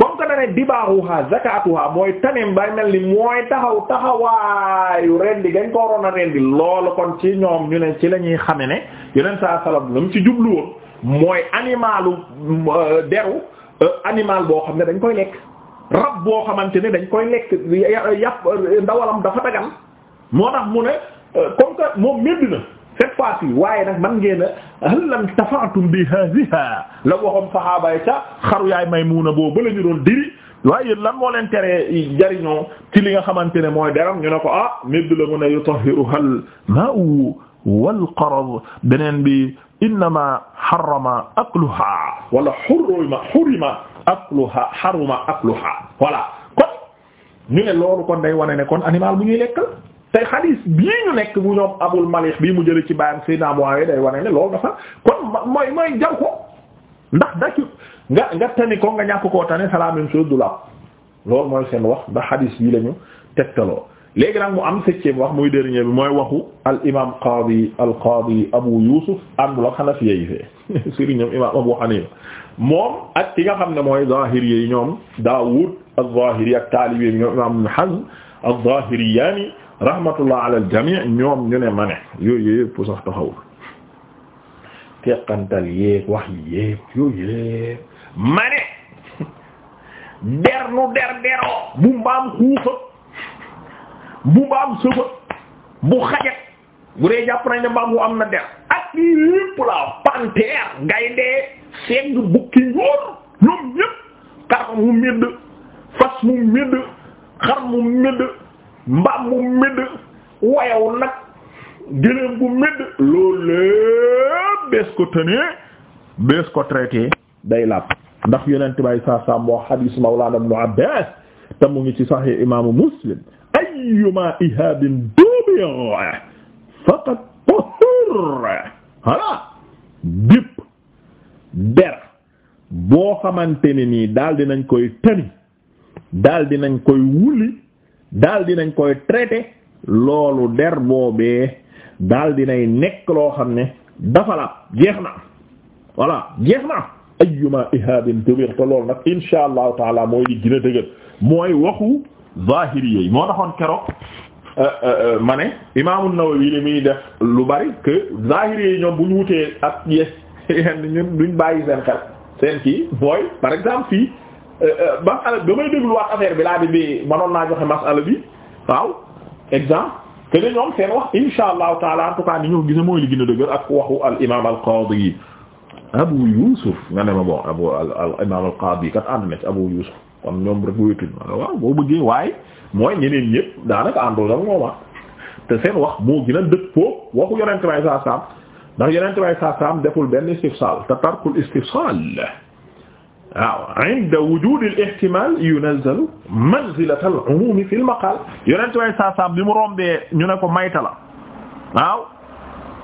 comme que dane dibaahuha zakatuha mooy tanim bay mel ni mooy taxaw taxawaayu rendi gañ ko waroon a rendi loolu kon ci ñoom ñu ne ci la ñuy xame ne yeneen saa salam lu mu ci jublu woon mooy animalu euh, deru Euh, animal boo xam ne dañ koy lekk rab boo xamante ne dañ koy lekk yàpp euh, ndawalam dafa dagan moo tax mu ne euh, comme que moom médd na cette fois ci waaye nag man ngeen a lan tafaatum bi hadiha la waxoon sahaaba yi ca xaru yaay Maymuna boo ba la ñu doon diri waaye yéen lan moo leen teree jariñoo ci li nga xamante ne mooy deram ñu ne ko ah médd la mu ne yutahiruha al ma'u wal qarad beneen bi innama harrama akluha wala hurrima hurima akluha harrama akluha voilà kon ñu ne loolu kon day wane ne kon animal bu ñuy lekk tey xadiis bii ñu nekk bu ñoom abul malih bii mu jële ci baayam Seydina Muawiya day wane ne loolu dafa kon mooy mooy jar ko ndax dacu nga nga tani ko nga ñàkk koo tane c'est la même chose mooy seen wax ndax xadiis bii lañu tegtaloo léegi nag mu am septième wax muy dernier bi mooy waxu al imam qadi al qadi abu yusuf àndul ak xanafiya yi fee sëriñam imam abu hanifa moom ak ki nga xam ne mooy zahiri yi ñoom daawud az-zahiri ak taalibe yi ñoom imam ibn hazm az-zahiriyani rahmatullah ala al jami ñoom ñu ne ma ne yooyu yëpp wax yi yéeg yooyu der nu der deroo bu mbaam xuufa bu mbaam sëba bu xajat bu dee jàpp nañ ne mbaam wu am na der ak yi lépp la panthère gaynde segg bukki ñóor ñoom ñépp xar mu médd fas mu médd xar mu médd mbaam mu médd wayaw nag gëléem bu médd loolu lépp bees ko tënee bees ko traité day làpp ndax yonent bay saa saa moo xadiis mawlaana ibnu Abbaas te mu ngi ci sahih imaamu Muslim ayyuma ihaabin dubir faqad tahur voilà bépp der boo xamante ne nii daal nañ koy tani daal dinañ koy wuli daldi nañ koy traité loolu der boobee daal dinay nekk loo xam ne dafa la jeex na wala jeex na ayyuma ihaabin dubir te loolu nag insha allahu taala mooy li gën dëgër mooy waxu zahiri yooyu moo taxoon keroog euh, euh, euh, ma ne imaamu Nawawi li muy def lu bari que zahiri yooyu ñoom bu ñu wutee ak yenn ñun duñ bàyyi seen xel seen kii mooy par exemple fii masala ba may dégluwaat affaire bi laa bi bi manoon naa joxe masala bi waaw exemple que ne ñoom seen wax insha allahu taala en tout cas mooy li dëgër ak waxu al imam al qadi yi Abu Yusuf nga ne ma bon abu al imam al kat ànd na Abu Yusuf kon ñoom rek wéetuñ ma nga waaw boo bëggee waaye mooy ñeneen ñëpp daanaka àndoo dama mooma ah. te seen wax moo gën a dëkk foofu waxu yonent bay saa saam ndax yonent bay saa saam deful benn istifsal te tarkul istifsal waaw inda wujud al ihtimal yunazzalu manzilat al umum fi al maqal yonent bay saa saam bi mu rombee ñu ne ko mayta la waaw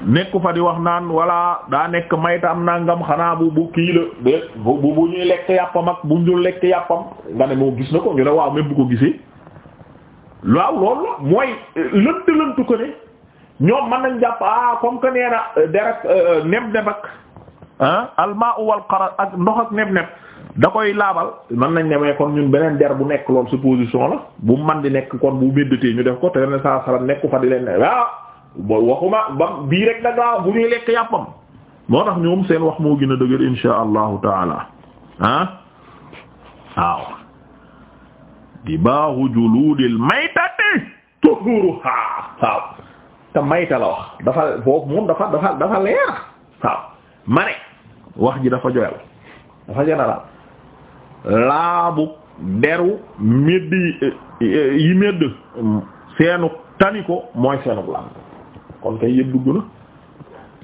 nekku fa di wax naan walla daa nekk mayta am nangam xanaa bu bu kii la de bu bu ñuy lekk yàppam ak bu ñu lekk yàppam nga ne moo gis na ko ñu ne waaw même bu ko gisee waaw loolu mooy euh, lënt lëntu ko ne ñoom mën nañ jàpp ah comme que nee na euh, derek euh, neb-neb ak ah almaa wal xaral ak ndox ak neb-neb da koy laabal mën nañ ne kon ñun beneen der bu nekk lool supposition la bu man di nekk kon bu méddatee ñu def ko te ren saa salaam nekku fa di leen ne waaw ah, booy waxuma bam bii rek da bu ñuy lekk yàppam moo tax ñoom seen wax moo gën a dëgër insha allahu taala ah waaw di baaxu juludil maytati tuhuruha waaw te mayta la wax dafa boobu moom dafa dafa dafa leer waaw ma wax ji dafa joyal dafa général laabu deru meddi eh, eh, yi medd seenu tani mooy seenu laabu kon kay yëpp dugg na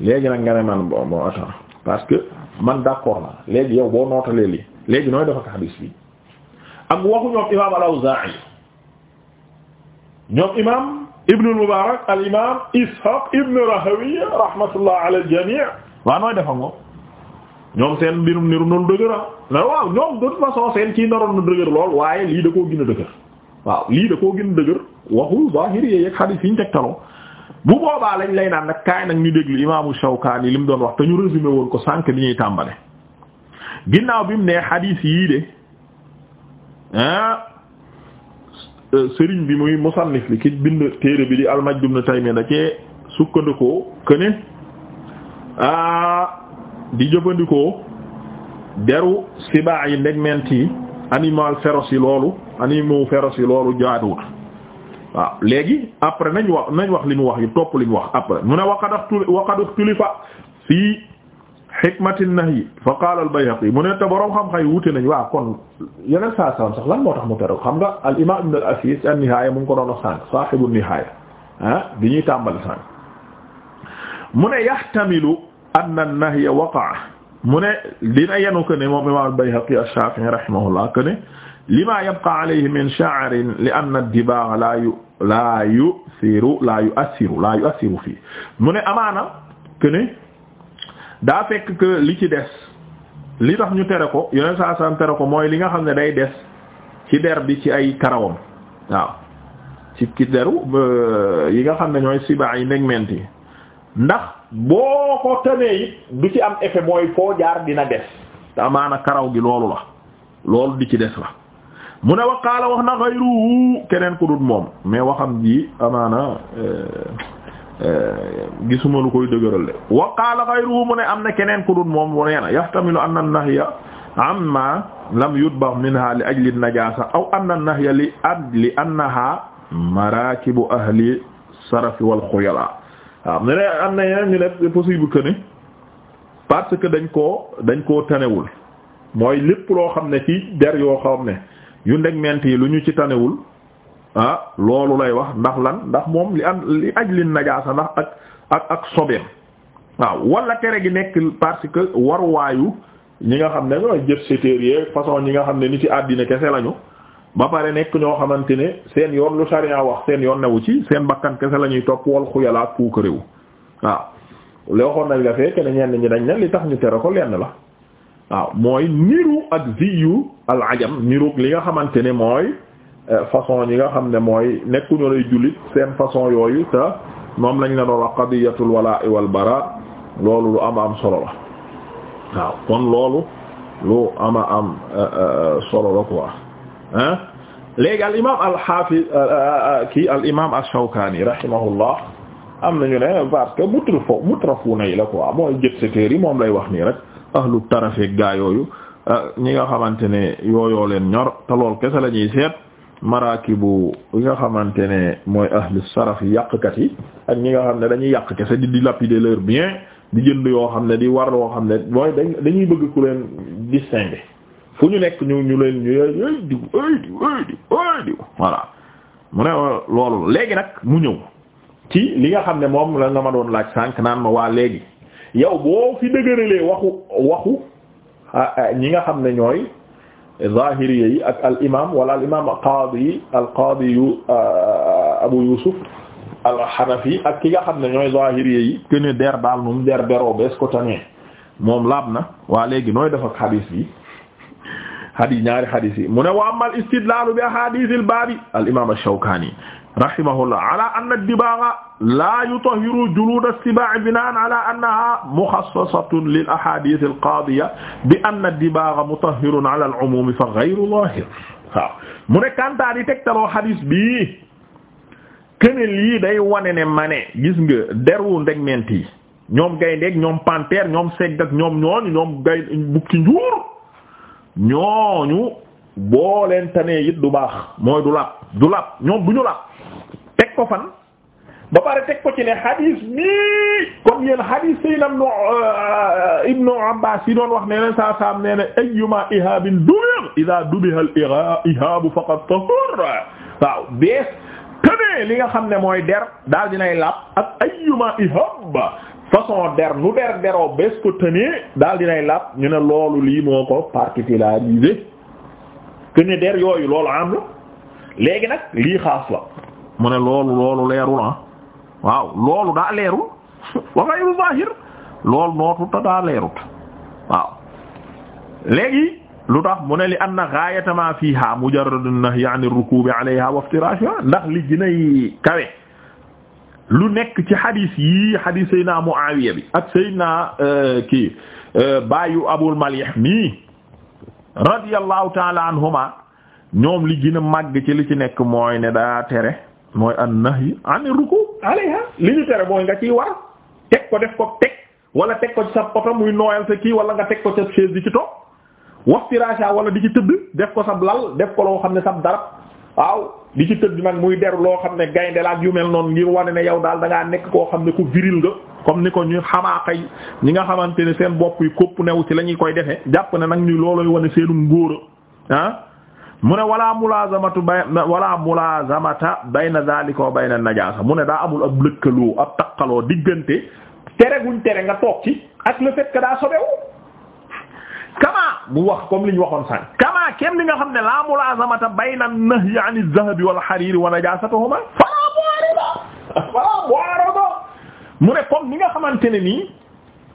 léegi nag nga man bon bon attends parce que man d'accord na léegi yow boo nootalee lii léegi nooy dafa ak hadis bi ak waxu ñoom imaam al-Awzaa'i ñoom imaam Ibn al-Mubaarak al imaam Ishaaq ibn Rahawayh rahmatullah al-jamii' waaw nooy defa moom ñoom seen mbirum niru noonu dëgëra ah. na waaw ñoom de toute façon seen ci naroon na dëgër lool waaye lii da koo gën dëgër waaw lii da koo gën dëgër waxu zaahiri yeeg xadiis yi ñu tegtaloo bu boobaa lañ lay naan nag kaay nag ñu déglu imaamu Shawkaani li mu doon wax te ñu résumé woon ko sànq bi ñuy tàmbale ginnaaw bi mu nee xadiis yii de ah euh, sëriñ bi muy musannif li ki bind téere bi di al-Majd ibn Taymiyya da cee sukkandikoo que ne ah di jëfandikoo deru sibaa yi ndegmeent yi animal féroce yi loolu animaux féroce yi loolu jaaduwut waaw léegi après nañ wax nañ wax li mu wax yu topp li mu wax après mu ne waqad waqad uxtulifa fii xikmati nahyi fa qaala al-Bayhaqi mu ne te boroom xam-xam yi wute nañ waa kon yeneen saa salam sax lan moo tax mu tere xam nga al imam ibn al-Asis an-Nihaaya mu ngi ko doon wax sànq saahibu nihaaya ah bi ñuy tàmbali sànq mu ne yahtamilu anna an-nahya waqa'a mu ne dina yenu ko ne moom imam al-Bayhaqi ash-Shaafi'i rahimahullah ko ne lima yabqa alayhi min sha'rin li anna ad-dibagha la yu la yusiru la yu'assiru la yu'assiru fii mu ne amaana que daa fekk que li ci des li tax ñu tere ko yeneen saa tere ko mooy li nga xam ne day des ci der bi ci ay karawam waaw ci ci deru euh, yi nga xam ne ñooy siba yi ndegment yi ndax boo ko tënee it du ci am effet mooy foo jaar dina des te amaana karaw gi loolu la loolu di ci des la mu ne waqaala wax na xayruhu keneen ku dul moom mais waxam ji amaana euh, euh, gisuma lu koy dëgëral de waqaala xayruhu mu ne am na keneen ku moom mu nee na yahtamilu anna nahya amma lam yutbagh minha li ajli najaasa aw anna nahya li ajli annaha maraakibu ahli sarafi xuyala waaw mu ne am na yeneen ñu ne possible que ne parce que dañ koo dañ koo tanewul mooy lépp loo xam ne ci der yoo xam ne yu ndeg ment yi lu ñu ci tanewul ah loolu lay wax ndax lan ndax moom li am li aj li najaasa ndax ak ak ak sobeem waaw wala tere gi nekk parce que waruwaayu ñi nga xam ne ñooy jëf sétérie façon ñi nga xam ne ni ci àddine kese lañu ba pare nekk ñoo xamante ne seen yoon lu sariya wax seen yoon newu ci seen bakkan kese la ñuy topp wal xuyalaat puukaréwu waaw loo xoon nañ la fee kenn ñenn ñi dañ ne li tax ñu tere ko lenn la waaw mooy niru ak yu al ajam niru li nga xamante ne mooy euh, façon yi nga xam ne mooy nekkuñu lay jullit seen façon yooyu te moom lañu la doon wax qadiyatul walaa wal bara loolu lu ama am solo la waaw kon loolu lu ama am euh, euh, solo la quoi hein léegi al imaam al xaafiz kii al imaam ash-Shawkaani rahimahullah am nañu ne parce que mutrafu mutrafu nay la quoi mooy jëstëteer yi moom lay wax nii rek. ahlu tarafeeg gaa yooyu ah, ñi nga xamante ne yooyoo leen ñor te lool kese la ñuy seet maraakibu yi nga xamante ne mooy ahlu saraf yàqkat yi ak ñi nga xam ne dañuy yàq kese di dilapider leur bien di jënd yoo xam ne di war loo xam ne mooy dañuy bëgg ku leen distinguer fu ñu nekk ñu ñu leen ñu ay diw ay diw ay diw ay diw voilà mu ne loolu léegi nag mu ñëw ci li nga xam ne moom la nga ma doon laaj sànq naan ma waa léegi yow boo fi dëgëralee waxu waxu ñi nga xam ne ñooy zahiriya yi ak al imam wala al imam qaadi al qaadi yu abu yusuf al hanafi ak ki nga xam ne ñooy zahiriya yi kene der daal moom der beroo bees ko tanee moom laab na waa léegi nooy def ak xadiis bi xadiis ñaari xadiis yi mu ne wa amal istidlaalu bi ahadiisil baabi al imam ash-shawkaani rahimahullah ala anna dibaaga la yutahiru juluud as-sibaa' binaan ala annaha mukhassasatun lil ahadith al-qaadiya bi anna dibaaga mutahhirun ala al-umuum fa ghayru zaahir waaw mu ne kantaa di tegtaloo hadis bii kene lii day wane ne ma ne gis nga deru ndegmeent yi ñoom gayndeeg ñoom panthère ñoom segg ak ñoom ñooñu ñoom gay bukki njuur ñooñu boo leen tanee it du baax mooy du lap du lap ñoom du ñu lap teg ko fan ba pare teg ko ci ne hadis mii comme yéen hadis yi nam no ibnu euh, abbas yi doon wax ne leen saa saam nee ne ayyuma ihabin dubir ida al ihabu nga xam ne mooy der daal dinay lapp ak ayyuma ihab façon der nu der deroo bees ko tënee daal dinay lapp ñu ne loolu lii moo ko particularisé que ne der yooyu loolu am la léegi nag lii xaas la mu ne loolu loolu leerul ah waaw loolu daa leerul wa ghayru zahir loolu nootu ta daa leerut waaw léegi lu tax mu ne li anna ghayata ma fiha mujarrad an-nahy 'an ar-rukub 'alayha wa ndax li ginay kawe lu nekk ci xadis yii xadis mu Muawiya bi ak Seydina euh, kii euh, baayu Abul Malih mii radiyallahu ta'ala anhuma ñoom li gën màgg ci li ci nekk mooy ne daa tere mooy an nahyi ani ruku alayha li ñu tere mooy nga ciy war teg ko def ko teg wala teg ko ci sa oto muy nooyal sa kii wala nga teg ko sa chaise di ci toog wax firasha wala di ci tëdd def ko sab lal def ko loo xam ne sab dara waaw di ci tëdd nag muy der loo xam ne gaynde laa ak yu mel noonu ngir wane ne yow daal da ngaa nekk koo xam ne ku viril nga comme ni ko ñu xamaaqay ñi nga xamante ne seen bopp yi kopp new ci la ñuy koy defee jàpp ne nag ñu looloy wane seenu ngóora ah mu ne walaa wala mulazamatu bay wala mulazamata bayna zalika wa bayna najasa mu ne daa amul ab lëkkaloo ab takkaloo diggante tere guñ tere nga toog ci ak le fait daa sobewu kama mu wax comme li ñu waxoon sànq kama kenn li nga xam ne la mulazamata bayna nahyi an az-zahabi wal hariri wa najasatuhuma fala mu'arada fala mu'arada mu ne comme li nga xamante ne nii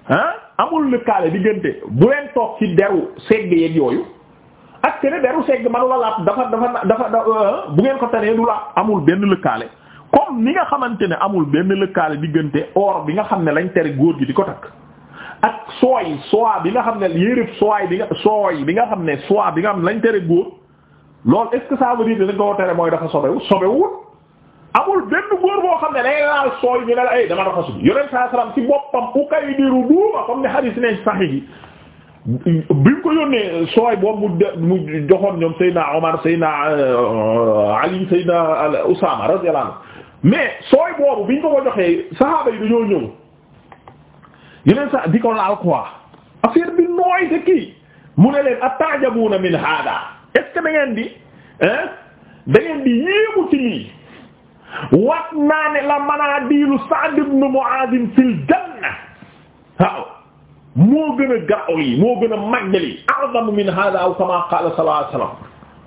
ah amul lëkkaale diggante bu leen toog ci deru segg yeeg yooyu ak tene beru segg manu la laab dafa dafa dafa euh, bu ngeen ko tanee du laa amul benn lëkkaale comme ni nga xamante ne amul benn lëkkaale diggante or bi nga xam ne lañ tere góor gi di ko takk ak sooy soie bi nga xam ne yérëb sooy bi nga sooy bi nga xam ne soie bi nga xam ne lañ tere góor lool est-ce que ça dañ ko tere mooy dafa sobewu sobewul amul benn góor boo xam ne day laal sooy ñu ne la ay eh, dama dafa subi yoneen saa salaam ci boppam ukay diru duuma comme ni hadith ne sahih bi ñu ko yónnee sooy boobu mu de mu joxoon ñoom Seydina Omar Seydina euh, Ali Seydina Usaama radiyallahu anhu mais sooy boobu bi ñu ko ko joxee saxaaba yi dañoo ñëw yeneen sax di ko laal quoi affaire bi nooy te kii mu ne leen attajabuuna min hada est-ce que da ngeen di hein da ngeen di yéemu ci lii wat naa ne la manadilu Sa'd ibn janna waaw moo gën a gaaw lii moo gën a màgg lii a'zamu min hada aw kama qala sallallahu alayhi wasallam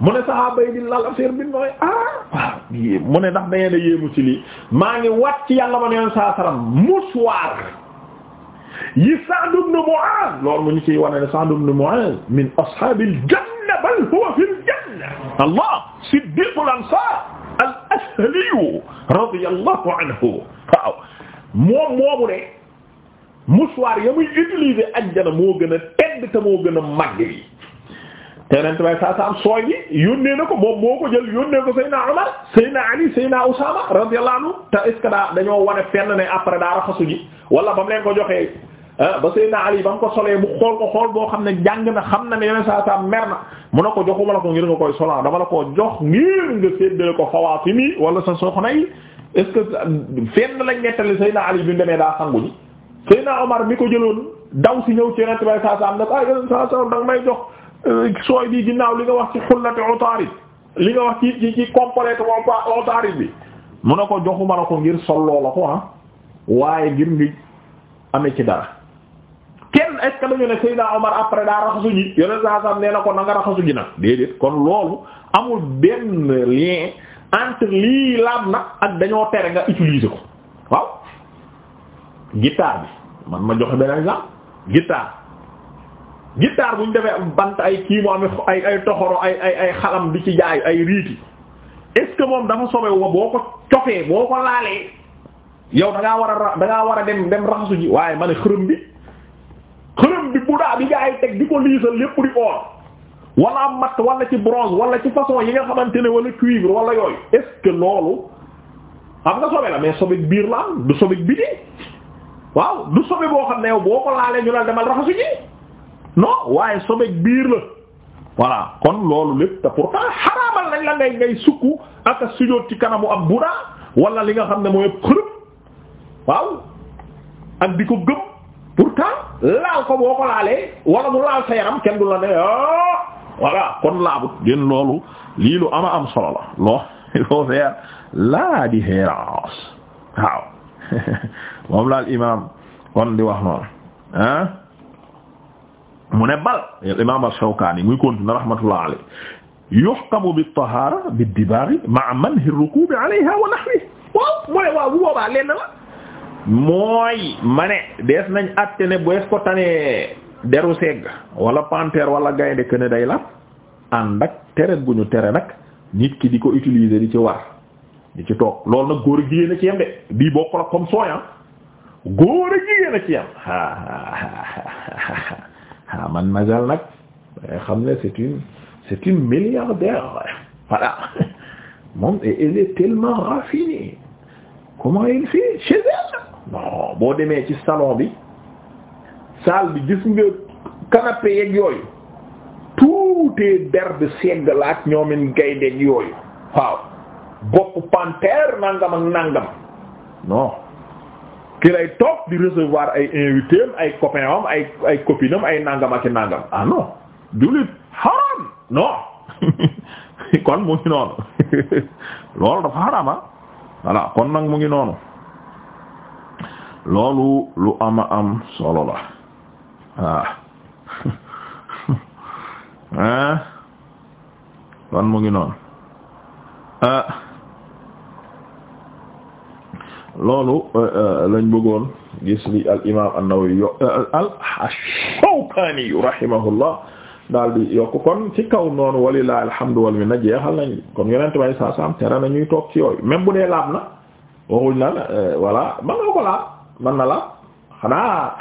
mu ne sahaaba yi di lal affaire bi nooy ah waaw mu ne ndax da ngeen a yéemu ci lii maa ngi wat ci yàlla ma neen saa salam muswaar yi Sa'd ibn Mu'az loolu mu ñu ciy wane ne Sa'd ibn Mu'az min ashaabil janna bal huwa fil janna allah siddiqul ansar al ashaliyu radiyallahu anhu waaw moom moomu de mouchoir ya muy utiliser ajjana moo gën a tedd te moo gën a màgg yi te yonent bay saa saam sooy bi yónnee na ko moom moo ko jël yónnee ko Seydina Omar Seydina Ali Seydina Usaama radiyallahu te est daa dañoo wane fenn ne après daa raxasu ji wala ba mu leen ko joxee ah, ba Seydina Ali ba mu ko solee mu xool ko xool boo xam ne jàng na xam na ne yonent saa saam mer na mu ne ko joxuma la ko ngir nga koy solan dama la ko jox ngir nga séddale ko xawaatimi wala sa soxna yi est-ce que fenn lañ nettali Seydina Ali bi mu Seyna Omar mi ko jëloon daw si ñëw ci yonent bay saa saam ne ko ah yonent saa saam danga may jox eh, sooy bi ginnaaw li nga wax ci xullati utaarid li nga wax ci ci ci complet bi mu ne ko joxuma la ko ngir solloo la ko ah waaye ngir ngi amee ci dara kenn est ce que dañu ne Seyna Omar après daa raxasu ji yonent saa saam nee na ko na nga raxasu ji nag déedéet kon loolu amul benn lien entre lii laab nag ak dañoo tere nga utiliser ko waaw guitare bi man ma joxe benn exemple guitare guitare bu ñu defee bant ay kii mu amee ay ay toxoro ay ay ay xalam di ci jaay ay riiti est moom dafa sobe wa boo ko cofee boo ko laalee yow da ngaa war a da ngaa war a dem dem raxasu ji waaye ma ne xërëm bi xërëm bi bu daa bi gaa yi teg di ko liisal lépp di or wala am matt wala ci bronze wala ci façon yi nga xamante ne wala cuivre wala yooyu est-ce que loolu am nga sobe la mais sobe biir la du sobe biti waaw du sobe boo xam ne yow boo ko laalee ñu la demal raxasu ji non waaye sobe biir la voilà kon loolu lépp te pourtant xaraamal nañ la ngay ngay sukku ak a ci kanamu ab buda wala li nga xam ne mooy xërëb waaw ak di ko gëm pourtant laal ko boo ko laalee wala mu laal sa kenn du la ne ah, voilà kon laabut gën loolu lii lu ama am solo la loo feer laa di xeeraas waaw moom la imaam kon di wax noonu ah mu ne bal al imaam ash-Shawkaani muy continue rahmatullah alayhi yuhkamu bit-tahaara bid-dibaaghi ma'a manhi ar-rukuubi alayhaa wa nahwihi waaw mooy waaw mooy ma ne dees nañ atte ne bees ko tanee deru segg wala panthère wala gaynde ne day la ànd ak teret bu ñu tere nag nit ki di ko utiliser di ci war di ci toog loolu nag góor a ci yem bii bokkul ak comme sooyaan góor a jigéen a ci yam man Majal nag dangay xam ne c'est une c'est une milliardaire voilà moom elle est tellement raffinée comment elle fait chez non boo demee ci salon bi salle bi gis nga canapé yeeg yooyu tout est derbe segg laak ñoomin gaynde yooyu waaw bopp panthère nangam ak nangam non ki lay toog di recevoir ay invités ay copains am ay nangam ak i nangam ah non jullit haram non kon mu ngi noonu loolu dafa haram ah kon nag mu ngi noonu loolu lu ama am solo la waaw ah. ah. kon mu ngi noonu ah. loolu euh, euh, lañ bëggoon gis li al imaam an-Nawawi yo euh, al Shawkaani rahimahullah daal di yokk kon ci kaw noonu walillahi alhamdu wal minna jeexal nañ kon yonent bay saa saam tere na toog ci yooyu même bu dee laab na waxuñ la voilà man na ko laab man na laab xanaa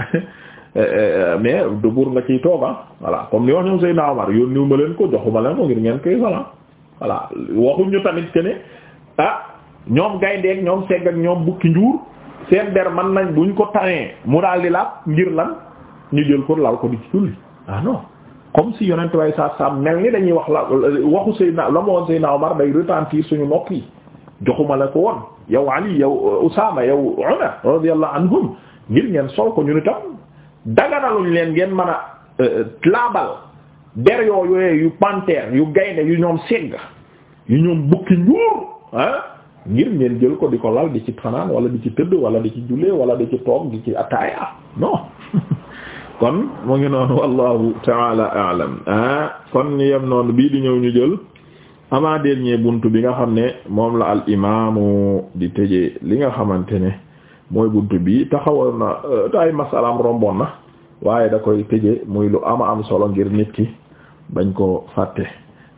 mais du buur nga ciy tooga ah, voilà comme ni wax ñoom Seydina Omar yónniwu ma leen ko joxuma leen ko ngir ngeen koy ah, voilà voilà tamit que ah, ñoom gayndeek ñoom segg ak ñoom bukki njuur seen der man nañ buñ ko tanee mu daal di laab ngir lan ñu jël ko lal ko di ci julli ah non comme si yonent way sa sa mel ni dañuy wax la waxu na la ma woon Seydina day retentir suñu nopp yi joxuma la ko woon yow Ali yow Usaama yow Umar radiyallahu anhum ngir ngeen sol ko ñu ni tam daganaluñ leen ngeen mën a euh, laabal der yoo yooyee yu panthère yu gaynde yu ñoom segg yu ñoom bukki njuur ngir ngeen jël ko di ko lal di ci fanaan wala di ci tëdd wala di ci jullee wala di ci toog di ci ataaya non kon mu ngi noonu wallahu taala alam ah kon yem noonu bii di ñëw ñu jël avant dernier buntu bi nga xam ne moom la al imaamu di tëje li nga xamante ne mooy buntu bi taxawoon na euh, te ay masalaam romboon na waaye da koy tëjee muy lu ama am solo ngir nit ki bañ ko fàtte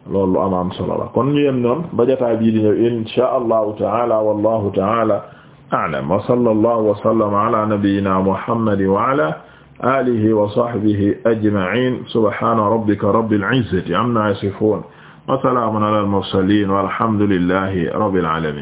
loolu am am solo la kon ñu yem noon ba jotaay bii di ñëw inshaa allahu taala wallahu taala a'lam wa sallallahu wa sallama ala nabiyyina muhammadin wa ala alihi wa sahbihi ajma'in subhana rabbika rabbil izzati amma yasifun wa salamun ala al mursalin walhamdulillahi rabbil alamin